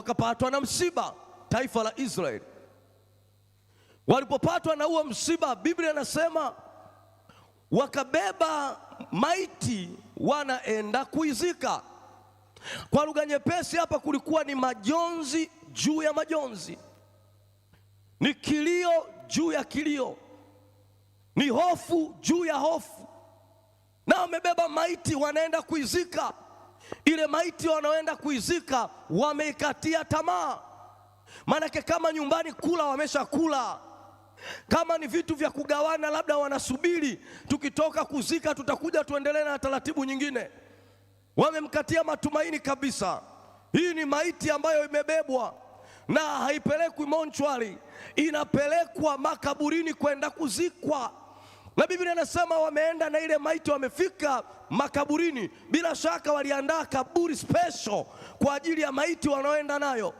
wakapatwa na msiba, taifa la Israeli. Walipopatwa na huo msiba, Biblia inasema wakabeba maiti wanaenda kuizika. Kwa lugha nyepesi, hapa kulikuwa ni majonzi juu ya majonzi, ni kilio juu ya kilio, ni hofu juu ya hofu, na wamebeba maiti wanaenda kuizika ile maiti wanaoenda kuizika wameikatia tamaa. Maanake kama nyumbani kula wameshakula, kama ni vitu vya kugawana, labda wanasubiri tukitoka kuzika tutakuja tuendelee na taratibu nyingine. Wamemkatia matumaini kabisa. Hii ni maiti ambayo imebebwa na haipelekwi monchwali inapelekwa makaburini kwenda kuzikwa na Biblia inasema wameenda na ile maiti, wamefika makaburini. Bila shaka waliandaa kaburi special kwa ajili ya maiti wanaoenda nayo.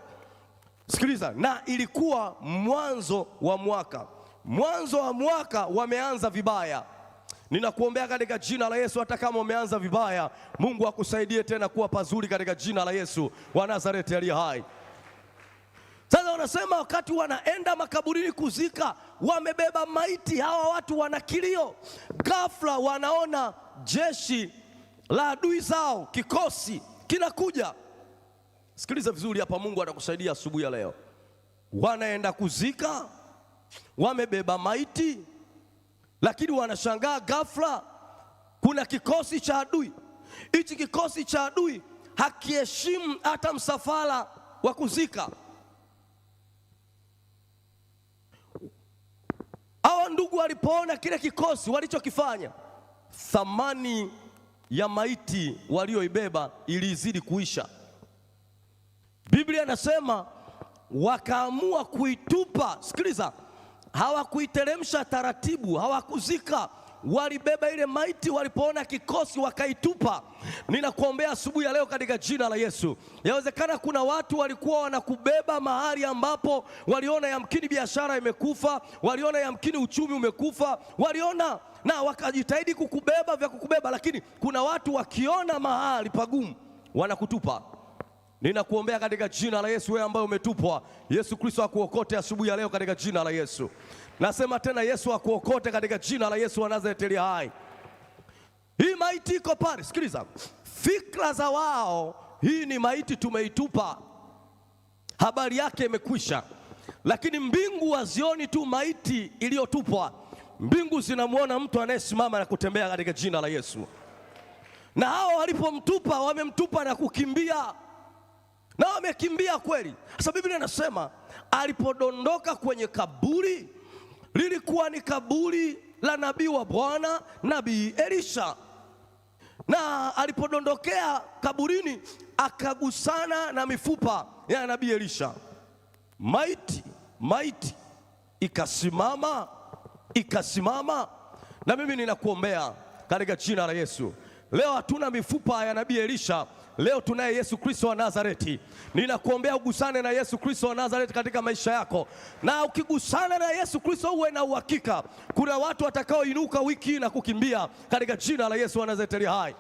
Sikiliza, na ilikuwa mwanzo wa mwaka, mwanzo wa mwaka wameanza vibaya. Ninakuombea katika jina la Yesu, hata kama umeanza vibaya, Mungu akusaidie tena kuwa pazuri katika jina la Yesu wa Nazareti aliye hai. Sasa wanasema wakati wanaenda makaburini kuzika wamebeba maiti, hawa watu wana kilio. Ghafla wanaona jeshi la adui zao, kikosi kinakuja. Sikiliza vizuri hapa, Mungu atakusaidia asubuhi ya leo. Wanaenda kuzika, wamebeba maiti, lakini wanashangaa ghafla kuna kikosi cha adui. Hichi kikosi cha adui hakiheshimu hata msafara wa kuzika. Hawa ndugu walipoona kile kikosi walichokifanya, thamani ya maiti walioibeba ilizidi kuisha. Biblia inasema wakaamua kuitupa. Sikiliza, hawakuiteremsha taratibu, hawakuzika walibeba ile maiti, walipoona kikosi wakaitupa. Ninakuombea asubuhi ya leo katika jina la Yesu. Yawezekana kuna watu walikuwa wanakubeba mahali ambapo waliona yamkini biashara imekufa, waliona yamkini uchumi umekufa, waliona na wakajitahidi kukubeba vya kukubeba, lakini kuna watu wakiona mahali pagumu wanakutupa. Ninakuombea katika jina la Yesu, wewe ambaye umetupwa, Yesu Kristo akuokote asubuhi ya leo katika jina la Yesu. Nasema tena Yesu akuokote katika jina la Yesu wa Nazareti hai. Hii maiti iko pale, sikiliza. Fikra za wao, hii ni maiti tumeitupa, habari yake imekwisha. Lakini mbingu hazioni tu maiti iliyotupwa, mbingu zinamwona mtu anayesimama na kutembea katika jina la Yesu. Na hao walipomtupa, wamemtupa na kukimbia nao wamekimbia kweli. Sasa Biblia inasema alipodondoka kwenye kaburi, lilikuwa ni kaburi la nabii wa Bwana, nabii Elisha, na alipodondokea kaburini akagusana na mifupa ya nabii Elisha, maiti maiti ikasimama ikasimama. Na mimi ninakuombea katika jina la Yesu, leo hatuna mifupa ya nabii Elisha Leo tunaye Yesu Kristo wa Nazareti. Ninakuombea ugusane na Yesu Kristo wa Nazareti katika maisha yako, na ukigusana na Yesu Kristo uwe na uhakika kuna watu watakaoinuka wiki na kukimbia katika jina la Yesu wa Nazareti hai.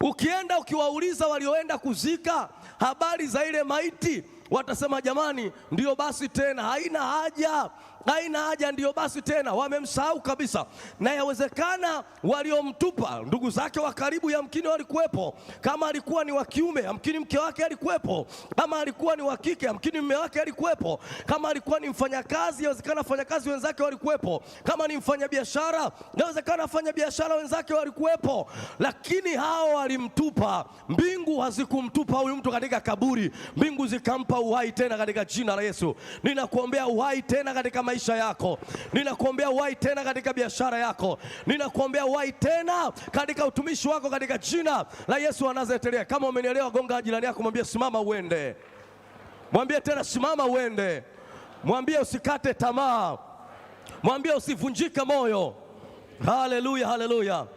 Ukienda ukiwauliza walioenda kuzika habari za ile maiti, watasema jamani, ndio basi tena, haina haja haina haja, ndiyo basi tena, wamemsahau kabisa. Na yawezekana waliomtupa ndugu zake wa karibu, yamkini walikuwepo. Kama alikuwa ni wa kiume, yamkini mke wake alikuwepo. Kama alikuwa ni wa kike, yamkini mume wake alikuwepo. Kama alikuwa ni mfanyakazi, yawezekana wafanyakazi wenzake walikuwepo. Kama ni mfanyabiashara, yawezekana biashara wenzake walikuwepo, lakini hao walimtupa. Mbingu hazikumtupa huyu mtu katika kaburi, mbingu zikampa uhai tena katika jina la Yesu. Ninakuombea uhai tena katika maisha yako, ninakuombea wai tena katika biashara yako, ninakuombea wai tena katika utumishi wako, katika jina la Yesu wa Nazareti. Kama umenielewa, gonga jirani yako, mwambie simama uende, mwambie tena simama uende, mwambie usikate tamaa, mwambie usivunjike moyo. Haleluya, haleluya.